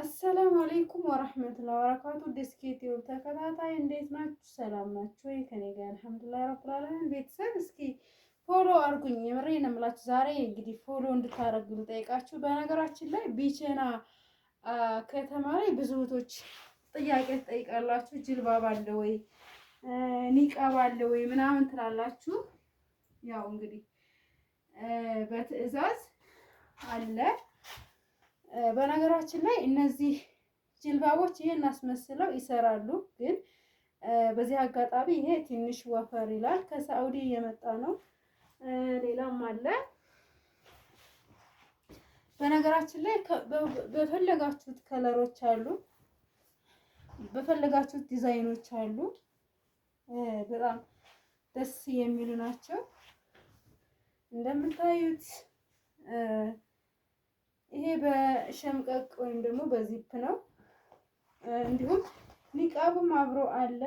አሰላሙ አለይኩም ወረህመቱላሂ ወበረካቱ ዲስክ ዩቲዩብ ተከታታይ እንዴት ናችሁ? ሰላም ናችሁ ወይ? ከኔ ጋር አልሐምዱሊላሂ ረብል ዓለሚን። ቤተሰብ እስኪ ፎሎ አድርጉኝ። የምሬ ነው የምላችሁ። ዛሬ እንግዲህ ፎሎ እንድታደርጉኝ ልጠይቃችሁ። በነገራችን ላይ ቢቸና ከተማ ላይ ብዙ እህቶች ጥያቄ ትጠይቃላችሁ። ጅልባብ አለ ወይ ኒቃብ አለ ወይ ምናምን ትላላችሁ። ያው እንግዲህ በትዕዛዝ አለ በነገራችን ላይ እነዚህ ጅልባቦች ይህን አስመስለው ይሰራሉ። ግን በዚህ አጋጣሚ ይሄ ትንሽ ወፈር ይላል። ከሳዑዲ የመጣ ነው። ሌላም አለ። በነገራችን ላይ በፈለጋችሁት ከለሮች አሉ፣ በፈለጋችሁት ዲዛይኖች አሉ። በጣም ደስ የሚሉ ናቸው እንደምታዩት ይሄ በሸምቀቅ ወይም ደግሞ በዚፕ ነው። እንዲሁም ኒቃቡም አብሮ አለ።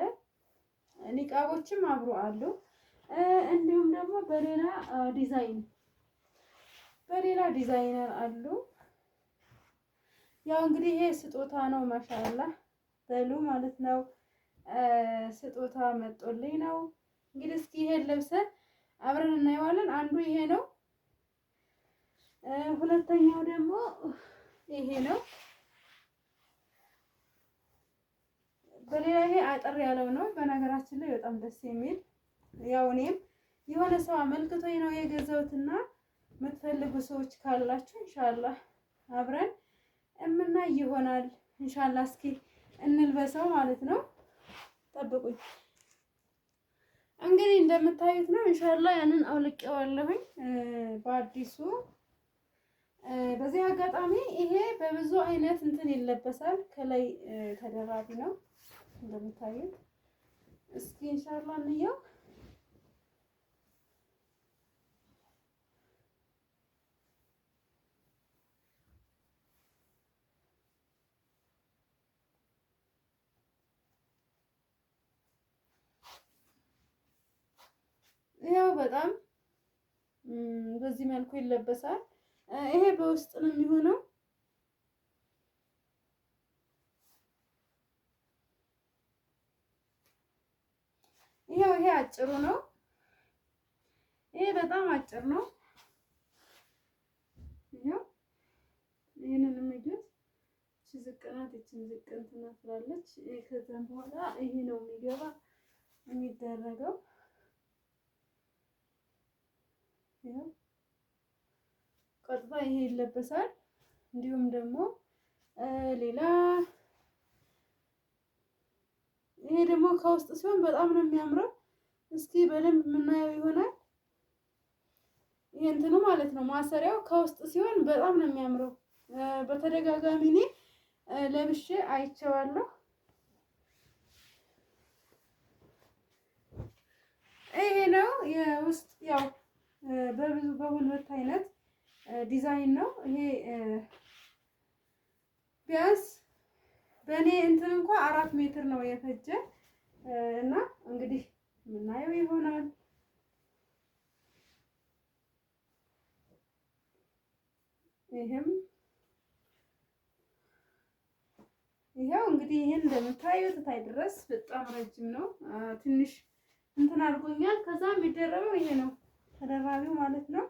ኒቃቦችም አብሮ አሉ። እንዲሁም ደግሞ በሌላ ዲዛይን በሌላ ዲዛይነር አሉ። ያው እንግዲህ ይሄ ስጦታ ነው። ማሻአላ በሉ ማለት ነው። ስጦታ መጦልኝ ነው። እንግዲህ እስኪ ይሄን ለብሰን አብረን እናየዋለን። አንዱ ይሄ ነው። ሁለተኛው ደግሞ ይሄ ነው። በሌላ ይሄ አጠር ያለው ነው። በነገራችን ላይ በጣም ደስ የሚል ያው እኔም የሆነ ሰው አመልክቶኝ ነው የገዛሁትና የምትፈልጉ ሰዎች ካላችሁ እንሻላ አብረን እምናይ ይሆናል። እንሻላ እስኪ እንልበሰው ማለት ነው። ጠብቁኝ እንግዲህ እንደምታዩት ነው። እንሻላ ያንን አውልቄዋለሁኝ በአዲሱ በዚህ አጋጣሚ ይሄ በብዙ አይነት እንትን ይለበሳል። ከላይ ተደራቢ ነው እንደምታዩት። እስኪ ኢንሻአላህ እንየው። ያው በጣም በዚህ መልኩ ይለበሳል። ይሄ በውስጥ ነው የሚሆነው። ይሄው ይሄ አጭሩ ነው። ይሄ በጣም አጭር ነው። ይሄው ይሄንንም ይዘን ዝቅናት እቺን ዝቅን ትመስላለች። ከዛም በኋላ ይሄ ነው የሚገባ የሚደረገው ይሄው ቀጥታ ይሄ ይለበሳል። እንዲሁም ደግሞ ሌላ ይሄ ደግሞ ከውስጥ ሲሆን በጣም ነው የሚያምረው። እስኪ በደንብ የምናየው ይሆናል። ይሄ እንትኑ ማለት ነው ማሰሪያው ከውስጥ ሲሆን በጣም ነው የሚያምረው። በተደጋጋሚ እኔ ለብሼ አይቼዋለሁ። ይሄ ነው የውስጥ ያው በብዙ በሁለት አይነት ዲዛይን ነው ይሄ። ቢያንስ በእኔ እንትን እንኳ አራት ሜትር ነው የፈጀ እና እንግዲህ የምናየው ይሆናል። ይህም ይኸው እንግዲህ ይህን እንደምታዩት ታይ ድረስ በጣም ረጅም ነው። ትንሽ እንትን አድርጎኛል። ከዛ የሚደረበው ይሄ ነው ተደራቢው ማለት ነው።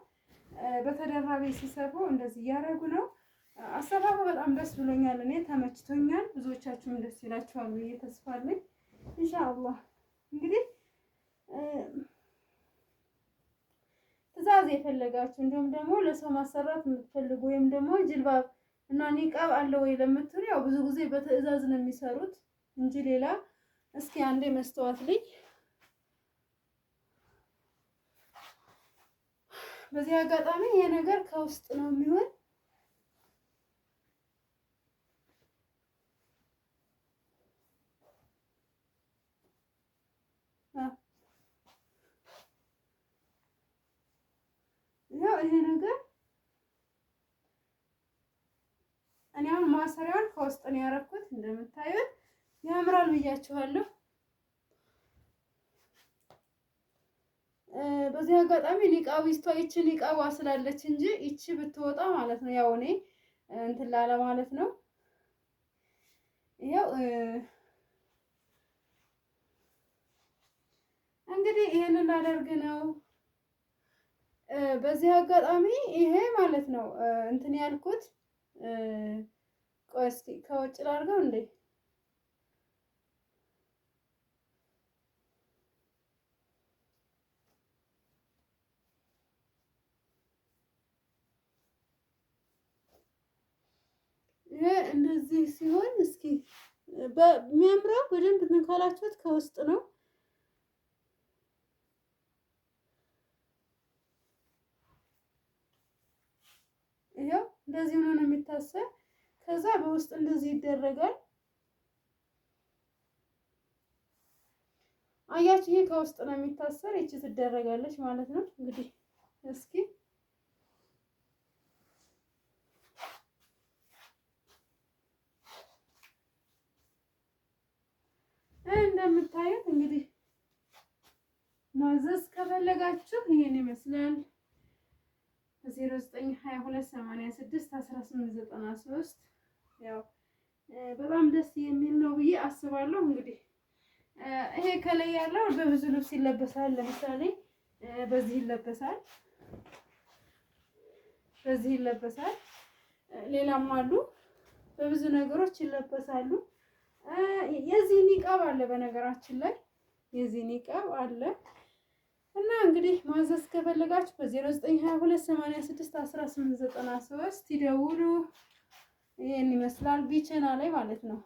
በተደራቢ ሲሰሩ እንደዚህ እያደረጉ ነው። አሰራሩ በጣም ደስ ብሎኛል፣ እኔ ተመችቶኛል። ብዙዎቻችሁም ደስ ይላችኋል ብዬ ተስፋ አለኝ። ኢንሻአላህ እንግዲህ ትእዛዝ የፈለጋችሁ እንዲሁም ደግሞ ለሰው ማሰራት የምትፈልጉ ወይም ደግሞ ጅልባብ እና ኒቃብ አለ ወይ ለምትሉ ያው ብዙ ጊዜ በትእዛዝ ነው የሚሰሩት እንጂ ሌላ እስኪ አንዴ መስተዋት ልኝ በዚህ አጋጣሚ ይሄ ነገር ከውስጥ ነው የሚሆን። ያው ይሄ ነገር እኔ አሁን ማሰሪያውን ከውስጥ ነው ያደረኩት። እንደምታዩት ያምራል ብያችኋለሁ። በዚህ አጋጣሚ ሊቃ ዊስቷ ይቺ ኒቃቧ ስላለች እንጂ ይቺ ብትወጣ ማለት ነው ያው እኔ እንትን ላለ ማለት ነው ያው እንግዲህ ይሄን እናደርግ ነው። በዚህ አጋጣሚ ይሄ ማለት ነው እንትን ያልኩት ቆይ እስኪ ከውጭ ላድርገው እንዴ እንደዚህ ሲሆን እስኪ በሚያምረው በደንብ ንካላችሁት ከውስጥ ነው። ይኸው እንደዚህ ሆኖ ነው የሚታሰር። ከዛ በውስጥ እንደዚህ ይደረጋል። አያችሁ፣ ይሄ ከውስጥ ነው የሚታሰር። ይቺ ትደረጋለች ማለት ነው። እንግዲህ እስኪ ማዘዝ ከፈለጋችሁ ይሄን ይመስላል። በ0922861893 ያው በጣም ደስ የሚል ነው ብዬ አስባለሁ። እንግዲህ ይሄ ከላይ ያለው በብዙ ልብስ ይለበሳል። ለምሳሌ በዚህ ይለበሳል፣ በዚህ ይለበሳል። ሌላም አሉ በብዙ ነገሮች ይለበሳሉ። የዚህ ኒቃብ አለ፣ በነገራችን ላይ የዚህ ኒቃብ አለ። እና እንግዲህ ማዘዝ ከፈለጋችሁ በ0922861893 ይደውሉ። ይህን ይመስላል ቢቸና ላይ ማለት ነው።